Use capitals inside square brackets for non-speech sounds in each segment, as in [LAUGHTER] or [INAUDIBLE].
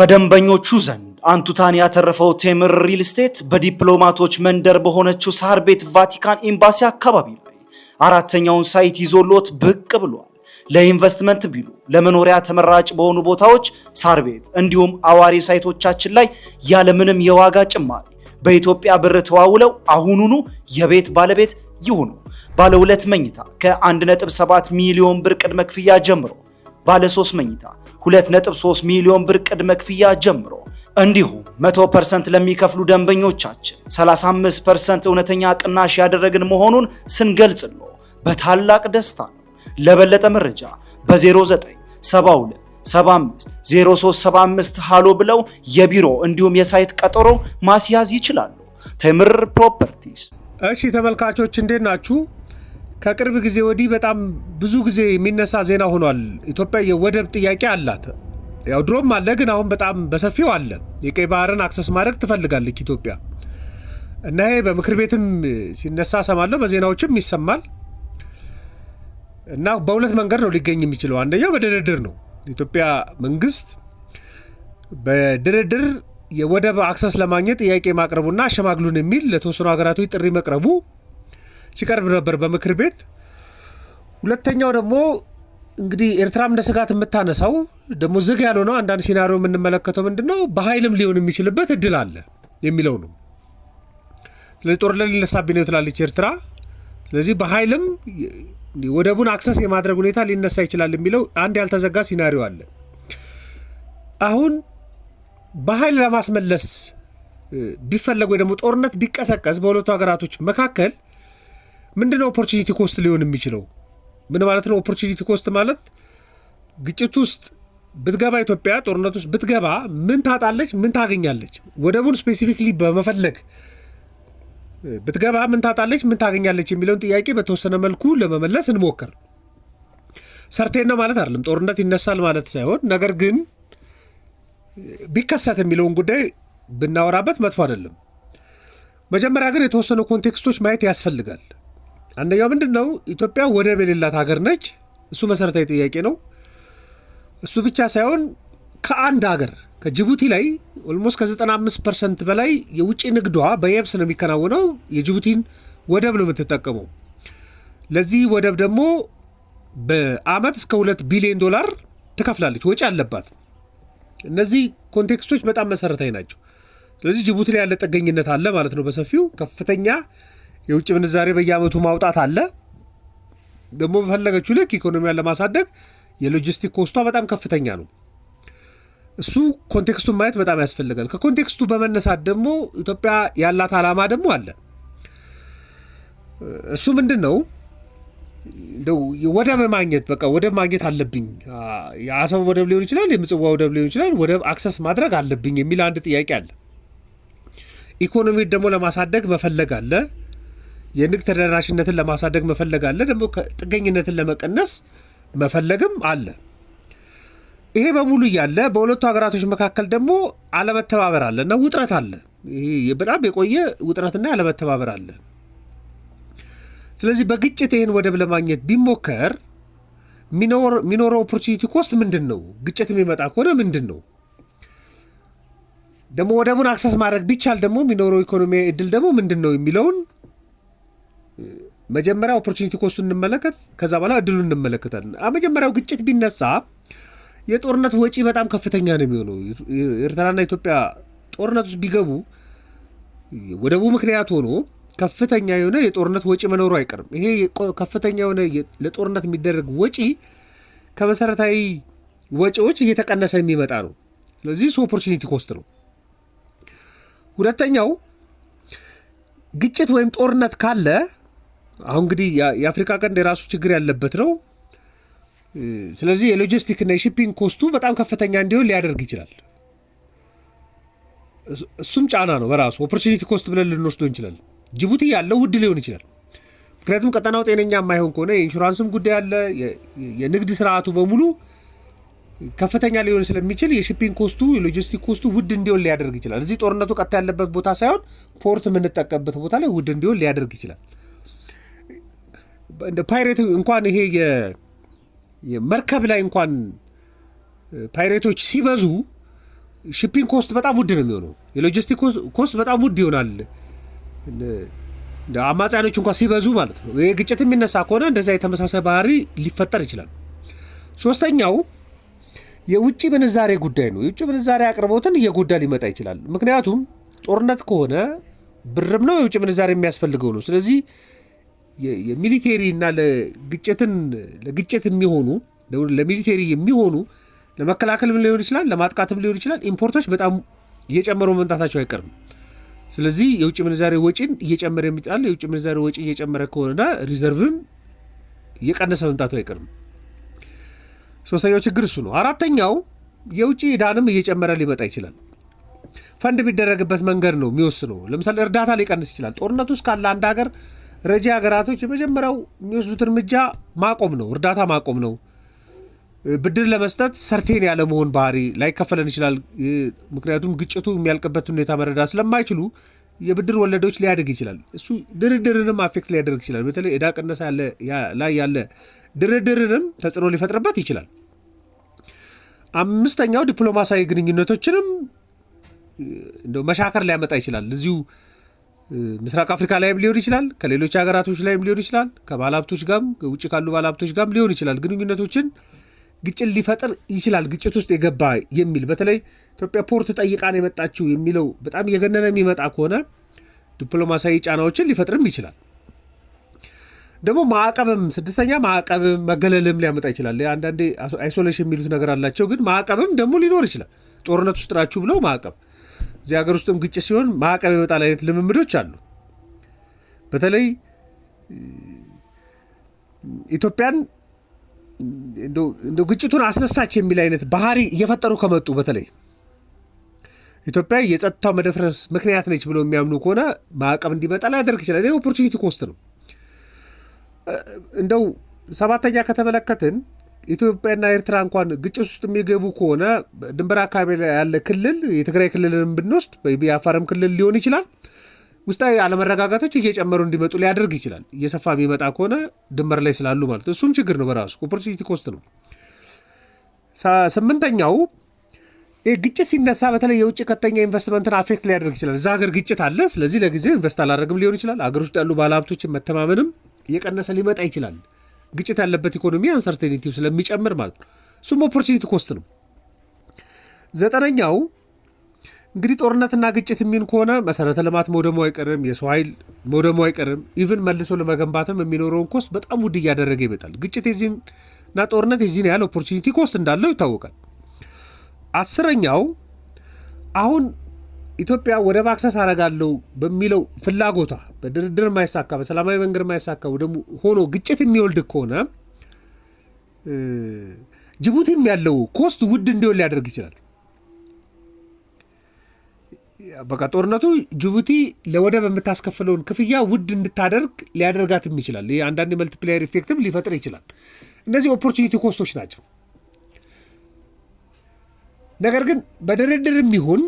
በደንበኞቹ ዘንድ አንቱታን ያተረፈው ቴምር ሪል ስቴት በዲፕሎማቶች መንደር በሆነችው ሳር ቤት ቫቲካን ኤምባሲ አካባቢ ላይ አራተኛውን ሳይት ይዞሎት ብቅ ብሏል። ለኢንቨስትመንት ቢሉ ለመኖሪያ ተመራጭ በሆኑ ቦታዎች ሳር ቤት እንዲሁም አዋሪ ሳይቶቻችን ላይ ያለምንም የዋጋ ጭማሪ በኢትዮጵያ ብር ተዋውለው አሁኑኑ የቤት ባለቤት ይሁኑ። ባለ ሁለት መኝታ ከ1.7 ሚሊዮን ብር ቅድመ ክፍያ ጀምሮ ባለ ሶስት መኝታ 2.3 ሚሊዮን ብር ቅድመ ክፍያ ጀምሮ እንዲሁም 100% ለሚከፍሉ ደንበኞቻችን 35% እውነተኛ ቅናሽ ያደረግን መሆኑን ስንገልጽ ነው በታላቅ ደስታ ነው። ለበለጠ መረጃ በ0972 75 0375 ሃሎ ብለው የቢሮ እንዲሁም የሳይት ቀጠሮ ማስያዝ ይችላሉ። ተምር ፕሮፐርቲስ። እሺ ተመልካቾች እንዴት ናችሁ? ከቅርብ ጊዜ ወዲህ በጣም ብዙ ጊዜ የሚነሳ ዜና ሆኗል። ኢትዮጵያ የወደብ ጥያቄ አላት። ያው ድሮም አለ፣ ግን አሁን በጣም በሰፊው አለ። የቀይ ባህርን አክሰስ ማድረግ ትፈልጋለች ኢትዮጵያ እና ይሄ በምክር ቤትም ሲነሳ ሰማለሁ፣ በዜናዎችም ይሰማል እና በሁለት መንገድ ነው ሊገኝ የሚችለው። አንደኛው በድርድር ነው። ኢትዮጵያ መንግስት በድርድር የወደብ አክሰስ ለማግኘት ጥያቄ ማቅረቡና አሸማግሉን የሚል ለተወሰኑ ሀገራቶች ጥሪ መቅረቡ ሲቀርብ ነበር በምክር ቤት። ሁለተኛው ደግሞ እንግዲህ ኤርትራም እንደ ስጋት የምታነሳው ደግሞ ዝግ ያልሆነው አንዳንድ ሲናሪዮ የምንመለከተው ምንድን ነው በኃይልም ሊሆን የሚችልበት እድል አለ የሚለው ነው። ስለዚህ ጦርነት ሊነሳብኝ ነው ትላለች ኤርትራ። ስለዚህ በኃይልም ወደቡን አክሰስ የማድረግ ሁኔታ ሊነሳ ይችላል የሚለው አንድ ያልተዘጋ ሲናሪዮ አለ። አሁን በኃይል ለማስመለስ ቢፈለግ ወይ ደግሞ ጦርነት ቢቀሰቀስ በሁለቱ ሀገራቶች መካከል ምንድነው ኦፖርቹኒቲ ኮስት ሊሆን የሚችለው? ምን ማለት ነው? ኦፖርቹኒቲ ኮስት ማለት ግጭት ውስጥ ብትገባ ኢትዮጵያ ጦርነት ውስጥ ብትገባ ምን ታጣለች? ምን ታገኛለች? ወደቡን ስፔሲፊክሊ በመፈለግ ብትገባ ምን ታጣለች? ምን ታገኛለች የሚለውን ጥያቄ በተወሰነ መልኩ ለመመለስ እንሞክር። ሰርቴን ነው ማለት አይደለም፣ ጦርነት ይነሳል ማለት ሳይሆን፣ ነገር ግን ቢከሰት የሚለውን ጉዳይ ብናወራበት መጥፎ አይደለም። መጀመሪያ ግን የተወሰኑ ኮንቴክስቶች ማየት ያስፈልጋል። አንደኛው ምንድን ነው ኢትዮጵያ ወደብ የሌላት ሀገር ነች። እሱ መሰረታዊ ጥያቄ ነው። እሱ ብቻ ሳይሆን ከአንድ ሀገር ከጅቡቲ ላይ ኦልሞስት ከ95 ፐርሰንት በላይ የውጭ ንግዷ በየብስ ነው የሚከናወነው። የጅቡቲን ወደብ ነው የምትጠቀመው። ለዚህ ወደብ ደግሞ በአመት እስከ ሁለት ቢሊዮን ዶላር ትከፍላለች፣ ወጪ አለባት። እነዚህ ኮንቴክስቶች በጣም መሰረታዊ ናቸው። ስለዚህ ጅቡቲ ላይ ያለ ጥገኝነት አለ ማለት ነው በሰፊው ከፍተኛ የውጭ ምንዛሬ በየአመቱ ማውጣት አለ። ደግሞ በፈለገችው ልክ ኢኮኖሚያን ለማሳደግ የሎጂስቲክ ኮስቷ በጣም ከፍተኛ ነው። እሱ ኮንቴክስቱን ማየት በጣም ያስፈልጋል። ከኮንቴክስቱ በመነሳት ደግሞ ኢትዮጵያ ያላት ዓላማ ደግሞ አለ። እሱ ምንድን ነው? ወደብ ማግኘት በቃ ወደብ ማግኘት አለብኝ። የአሰብ ወደብ ሊሆን ይችላል፣ የምጽዋ ወደብ ሊሆን ይችላል። ወደብ አክሰስ ማድረግ አለብኝ የሚል አንድ ጥያቄ አለ። ኢኮኖሚን ደግሞ ለማሳደግ መፈለግ አለ። የንግድ ተደራሽነትን ለማሳደግ መፈለግ አለ፣ ደግሞ ጥገኝነትን ለመቀነስ መፈለግም አለ። ይሄ በሙሉ እያለ በሁለቱ ሀገራቶች መካከል ደግሞ አለመተባበር አለ እና ውጥረት አለ። ይሄ በጣም የቆየ ውጥረትና አለመተባበር አለ። ስለዚህ በግጭት ይህን ወደብ ለማግኘት ቢሞከር የሚኖረው ኦፖርቹኒቲ ኮስት ምንድን ነው? ግጭት የሚመጣ ከሆነ ምንድን ነው? ደግሞ ወደቡን አክሰስ ማድረግ ቢቻል ደግሞ የሚኖረው ኢኮኖሚያዊ እድል ደግሞ ምንድን ነው የሚለውን መጀመሪያ ኦፖርቹኒቲ ኮስቱን እንመለከት፣ ከዛ በኋላ እድሉን እንመለከታለን። መጀመሪያው ግጭት ቢነሳ የጦርነት ወጪ በጣም ከፍተኛ ነው የሚሆነው። ኤርትራና ኢትዮጵያ ጦርነት ውስጥ ቢገቡ ወደቡ ምክንያት ሆኖ ከፍተኛ የሆነ የጦርነት ወጪ መኖሩ አይቀርም። ይሄ ከፍተኛ የሆነ ለጦርነት የሚደረግ ወጪ ከመሰረታዊ ወጪዎች እየተቀነሰ የሚመጣ ነው። ስለዚህ ኦፖርቹኒቲ ኮስት ነው። ሁለተኛው ግጭት ወይም ጦርነት ካለ አሁን እንግዲህ የአፍሪካ ቀንድ የራሱ ችግር ያለበት ነው። ስለዚህ የሎጂስቲክና የሺፒንግ ኮስቱ በጣም ከፍተኛ እንዲሆን ሊያደርግ ይችላል። እሱም ጫና ነው በራሱ ኦፖርቹኒቲ ኮስት ብለን ልንወስዶ እንችላለን። ጅቡቲ ያለው ውድ ሊሆን ይችላል። ምክንያቱም ቀጠናው ጤነኛ የማይሆን ከሆነ የኢንሹራንስም ጉዳይ አለ። የንግድ ስርዓቱ በሙሉ ከፍተኛ ሊሆን ስለሚችል የሺፒንግ ኮስቱ የሎጂስቲክ ኮስቱ ውድ እንዲሆን ሊያደርግ ይችላል። እዚህ ጦርነቱ ቀጥታ ያለበት ቦታ ሳይሆን ፖርት የምንጠቀምበት ቦታ ላይ ውድ እንዲሆን ሊያደርግ ይችላል። እንደ ፓይሬት እንኳን ይሄ የመርከብ ላይ እንኳን ፓይሬቶች ሲበዙ ሺፒንግ ኮስት በጣም ውድ ነው የሚሆነው። የሎጂስቲክ ኮስት በጣም ውድ ይሆናል። አማጽያኖች እንኳን ሲበዙ ማለት ነው። ግጭት የሚነሳ ከሆነ እንደዚያ የተመሳሳይ ባህሪ ሊፈጠር ይችላል። ሶስተኛው የውጭ ምንዛሬ ጉዳይ ነው። የውጭ ምንዛሬ አቅርቦትን እየጎዳ ሊመጣ ይችላል። ምክንያቱም ጦርነት ከሆነ ብርም ነው የውጭ ምንዛሬ የሚያስፈልገው ነው። ስለዚህ የሚሊቴሪ እና ለግጭትን ለግጭት የሚሆኑ ለሚሊቴሪ የሚሆኑ ለመከላከልም ሊሆን ይችላል፣ ለማጥቃትም ሊሆን ይችላል ኢምፖርቶች በጣም እየጨመሩ መምጣታቸው አይቀርም። ስለዚህ የውጭ ምንዛሬ ወጪን እየጨመረ የሚጣል የውጭ ምንዛሬ ወጪ እየጨመረ ከሆነ ሪዘርቭም እየቀነሰ መምጣቱ አይቀርም። ሶስተኛው ችግር እሱ ነው። አራተኛው የውጭ ዕዳንም እየጨመረ ሊመጣ ይችላል። ፈንድ የሚደረግበት መንገድ ነው የሚወስነው። ለምሳሌ እርዳታ ሊቀንስ ይችላል። ጦርነቱ ውስጥ ካለ አንድ ሀገር ረጂ ሀገራቶች የመጀመሪያው የሚወስዱት እርምጃ ማቆም ነው፣ እርዳታ ማቆም ነው። ብድር ለመስጠት ሰርቴን ያለመሆን ባህሪ ላይከፈለን ይችላል። ምክንያቱም ግጭቱ የሚያልቅበትን ሁኔታ መረዳት ስለማይችሉ የብድር ወለዶች ሊያድግ ይችላል። እሱ ድርድርንም አፌክት ሊያደርግ ይችላል። በተለይ ዕዳ ቅነሳ ላይ ያለ ድርድርንም ተጽዕኖ ሊፈጥርበት ይችላል። አምስተኛው ዲፕሎማሲያዊ ግንኙነቶችንም መሻከር ሊያመጣ ይችላል እዚሁ ምስራቅ አፍሪካ ላይም ሊሆን ይችላል፣ ከሌሎች ሀገራቶች ላይም ሊሆን ይችላል፣ ከባለሀብቶች ጋም ውጭ ካሉ ባለሀብቶች ጋም ሊሆን ይችላል። ግንኙነቶችን ግጭት ሊፈጥር ይችላል። ግጭት ውስጥ የገባ የሚል በተለይ ኢትዮጵያ ፖርት ጠይቃን የመጣችው የሚለው በጣም እየገነነ የሚመጣ ከሆነ ዲፕሎማሲያዊ ጫናዎችን ሊፈጥርም ይችላል። ደግሞ ማዕቀብም ስድስተኛ ማዕቀብም መገለልም ሊያመጣ ይችላል። አንዳንዴ አይሶሌሽን የሚሉት ነገር አላቸው፣ ግን ማዕቀብም ደግሞ ሊኖር ይችላል። ጦርነት ውስጥ ናችሁ ብለው ማዕቀብ እዚህ ሀገር ውስጥም ግጭት ሲሆን ማዕቀብ የመጣል አይነት ልምምዶች አሉ። በተለይ ኢትዮጵያን እንደ ግጭቱን አስነሳች የሚል አይነት ባህሪ እየፈጠሩ ከመጡ በተለይ ኢትዮጵያ የጸጥታው መደፍረስ ምክንያት ነች ብሎ የሚያምኑ ከሆነ ማዕቀብ እንዲመጣ ሊያደርግ ይችላል። ይህ ኦፖርቹኒቲ ኮስት ነው። እንደው ሰባተኛ ከተመለከትን ኢትዮጵያና ኤርትራ እንኳን ግጭት ውስጥ የሚገቡ ከሆነ ድንበር አካባቢ ያለ ክልል የትግራይ ክልልን ብንወስድ የአፋርም ክልል ሊሆን ይችላል ውስጣዊ አለመረጋጋቶች እየጨመሩ እንዲመጡ ሊያደርግ ይችላል። እየሰፋ የሚመጣ ከሆነ ድንበር ላይ ስላሉ ማለት እሱም ችግር ነው በራሱ ኦፖርቹኒቲ ኮስት ነው። ስምንተኛው ግጭት ሲነሳ በተለይ የውጭ ከተኛ ኢንቨስትመንትን አፌክት ሊያደርግ ይችላል። እዛ ሀገር ግጭት አለ። ስለዚህ ለጊዜው ኢንቨስት አላደረግም ሊሆን ይችላል። አገር ውስጥ ያሉ ባለሀብቶችን መተማመንም እየቀነሰ ሊመጣ ይችላል። ግጭት ያለበት ኢኮኖሚ አንሰርቴኒቲ ስለሚጨምር ማለት ነው። እሱም ኦፖርቹኒቲ ኮስት ነው። ዘጠነኛው እንግዲህ ጦርነትና ግጭት የሚን ከሆነ መሰረተ ልማት መውደሙ አይቀርም፣ የሰው ኃይል መውደሙ አይቀርም። ኢቭን መልሶ ለመገንባትም የሚኖረውን ኮስት በጣም ውድ እያደረገ ይመጣል። ግጭት የዚህና ጦርነት የዚህን ያህል ኦፖርቹኒቲ ኮስት እንዳለው ይታወቃል። አስረኛው አሁን ኢትዮጵያ ወደብ አክሰስ አረጋለሁ በሚለው ፍላጎቷ በድርድር የማይሳካ በሰላማዊ መንገድ የማይሳካ ሆኖ ግጭት የሚወልድ ከሆነ ጅቡቲም ያለው ኮስት ውድ እንዲሆን ሊያደርግ ይችላል። በቃ ጦርነቱ ጅቡቲ ለወደብ የምታስከፍለውን ክፍያ ውድ እንድታደርግ ሊያደርጋትም ይችላል። አንዳንድ የመልቲፕላየር ኢፌክትም ሊፈጥር ይችላል። እነዚህ ኦፖርቹኒቲ ኮስቶች ናቸው። ነገር ግን በድርድርም ይሁን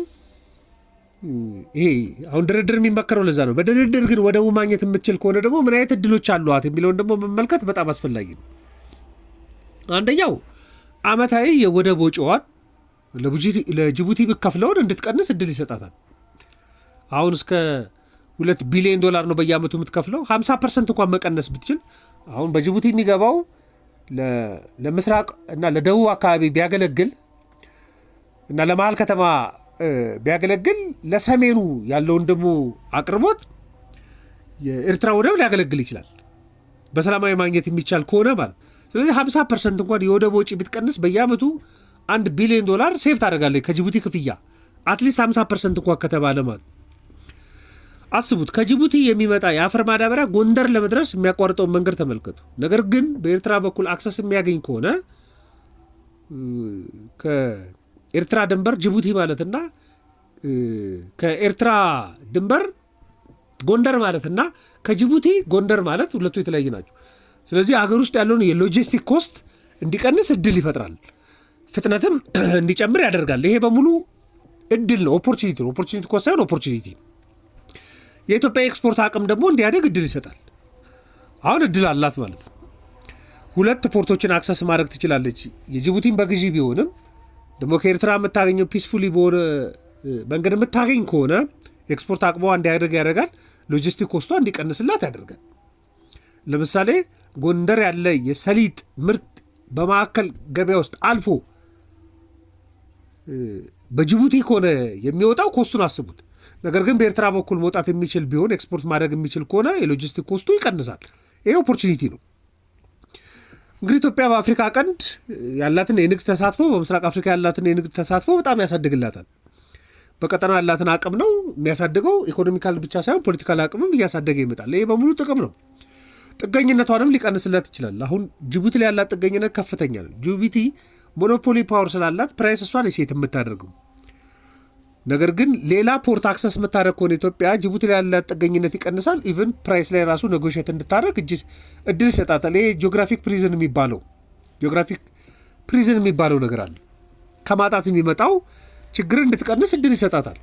ይሄ አሁን ድርድር የሚመከረው ለዛ ነው። በድርድር ግን ወደቡ ማግኘት የምትችል ከሆነ ደግሞ ምን አይነት እድሎች አሏት የሚለውን ደግሞ መመልከት በጣም አስፈላጊ ነው። አንደኛው አመታዊ የወደብ ወጪዋን ለጅቡቲ ብከፍለውን እንድትቀንስ እድል ይሰጣታል። አሁን እስከ ሁለት ቢሊዮን ዶላር ነው በየአመቱ የምትከፍለው። 50 ፐርሰንት እንኳን መቀነስ ብትችል አሁን በጅቡቲ የሚገባው ለምስራቅ እና ለደቡብ አካባቢ ቢያገለግል እና ለመሀል ከተማ ቢያገለግል ለሰሜኑ ያለውን ደግሞ አቅርቦት የኤርትራ ወደብ ሊያገለግል ይችላል፣ በሰላማዊ ማግኘት የሚቻል ከሆነ ማለት። ስለዚህ 50 ፐርሰንት እንኳን የወደብ ወጪ ብትቀንስ በየአመቱ አንድ ቢሊዮን ዶላር ሴፍ ታደርጋለች ከጅቡቲ ክፍያ አትሊስት 50 ፐርሰንት እንኳ ከተባለ ማለት አስቡት። ከጅቡቲ የሚመጣ የአፈር ማዳበሪያ ጎንደር ለመድረስ የሚያቋርጠውን መንገድ ተመልከቱ። ነገር ግን በኤርትራ በኩል አክሰስ የሚያገኝ ከሆነ ኤርትራ ድንበር ጅቡቲ ማለትና ከኤርትራ ድንበር ጎንደር ማለትና ከጅቡቲ ጎንደር ማለት ሁለቱ የተለያዩ ናቸው። ስለዚህ ሀገር ውስጥ ያለውን የሎጂስቲክ ኮስት እንዲቀንስ እድል ይፈጥራል፣ ፍጥነትም [CLEARS THROAT] እንዲጨምር ያደርጋል። ይሄ በሙሉ እድል ነው፣ ኦፖርቹኒቲ ነው። ኦፖርቹኒቲ ኮስት ሳይሆን ኦፖርቹኒቲ። የኢትዮጵያ ኤክስፖርት አቅም ደግሞ እንዲያደግ እድል ይሰጣል። አሁን እድል አላት ማለት ነው። ሁለት ፖርቶችን አክሰስ ማድረግ ትችላለች። የጅቡቲን በግዢ ቢሆንም ደግሞ ከኤርትራ የምታገኘው ፒስፉሊ በሆነ መንገድ የምታገኝ ከሆነ ኤክስፖርት አቅሟ እንዲያደርግ ያደርጋል። ሎጂስቲክ ኮስቷ እንዲቀንስላት ያደርጋል። ለምሳሌ ጎንደር ያለ የሰሊጥ ምርት በማዕከል ገበያ ውስጥ አልፎ በጅቡቲ ከሆነ የሚወጣው ኮስቱን አስቡት። ነገር ግን በኤርትራ በኩል መውጣት የሚችል ቢሆን ኤክስፖርት ማድረግ የሚችል ከሆነ የሎጂስቲክ ኮስቱ ይቀንሳል። ይህ ኦፖርቹኒቲ ነው። እንግዲህ ኢትዮጵያ በአፍሪካ ቀንድ ያላትን የንግድ ተሳትፎ በምስራቅ አፍሪካ ያላትን የንግድ ተሳትፎ በጣም ያሳድግላታል። በቀጠና ያላትን አቅም ነው የሚያሳድገው። ኢኮኖሚካል ብቻ ሳይሆን ፖለቲካል አቅምም እያሳደገ ይመጣል። ይሄ በሙሉ ጥቅም ነው። ጥገኝነቷንም ሊቀንስለት ይችላል። አሁን ጅቡቲ ላይ ያላት ጥገኝነት ከፍተኛ ነው። ጅቡቲ ሞኖፖሊ ፓወር ስላላት ፕራይስ እሷን የሴት የምታደርገው ነገር ግን ሌላ ፖርት አክሰስ የምታደረግ ከሆነ ኢትዮጵያ ጅቡቲ ላይ ያላት ጥገኝነት ይቀንሳል። ኢቨን ፕራይስ ላይ ራሱ ነጎሽት እንድታደረግ እጅ እድል ይሰጣታል። ይሄ ጂኦግራፊክ ፕሪዝን የሚባለው ጂኦግራፊክ ፕሪዝን የሚባለው ነገር አለ። ከማጣት የሚመጣው ችግር እንድትቀንስ እድል ይሰጣታል።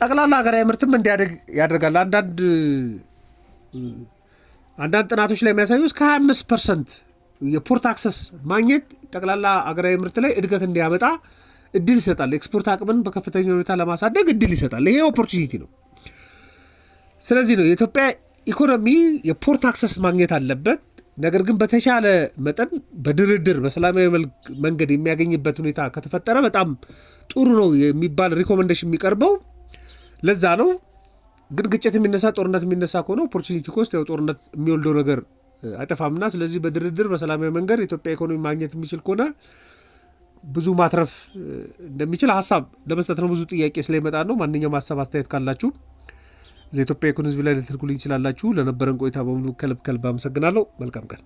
ጠቅላላ ሀገራዊ ምርትም እንዲያደግ ያደርጋል። አንዳንድ አንዳንድ ጥናቶች ላይ የሚያሳዩ እስከ 25 ፐርሰንት የፖርት አክሰስ ማግኘት ጠቅላላ ሀገራዊ ምርት ላይ እድገት እንዲያመጣ እድል ይሰጣል። ኤክስፖርት አቅምን በከፍተኛ ሁኔታ ለማሳደግ እድል ይሰጣል። ይሄ ኦፖርቹኒቲ ነው። ስለዚህ ነው የኢትዮጵያ ኢኮኖሚ የፖርት አክሰስ ማግኘት አለበት። ነገር ግን በተሻለ መጠን በድርድር በሰላማዊ መንገድ የሚያገኝበት ሁኔታ ከተፈጠረ በጣም ጥሩ ነው የሚባል ሪኮመንዴሽን የሚቀርበው ለዛ ነው። ግን ግጭት የሚነሳ ጦርነት የሚነሳ ከሆነ ኦፖርቹኒቲ ኮስት ያው ጦርነት የሚወልደው ነገር አይጠፋምና፣ ስለዚህ በድርድር በሰላማዊ መንገድ ኢትዮጵያ ኢኮኖሚ ማግኘት የሚችል ከሆነ ብዙ ማትረፍ እንደሚችል ሀሳብ ለመስጠት ነው። ብዙ ጥያቄ ስለሚመጣ ነው። ማንኛውም ሀሳብ አስተያየት ካላችሁ ዘኢትዮጵያ ኢኮኖሚ ላይ ልትልኩልኝ ይችላላችሁ። ለነበረን ቆይታ በሙሉ ከልብ ከልብ አመሰግናለሁ። መልካም ቀን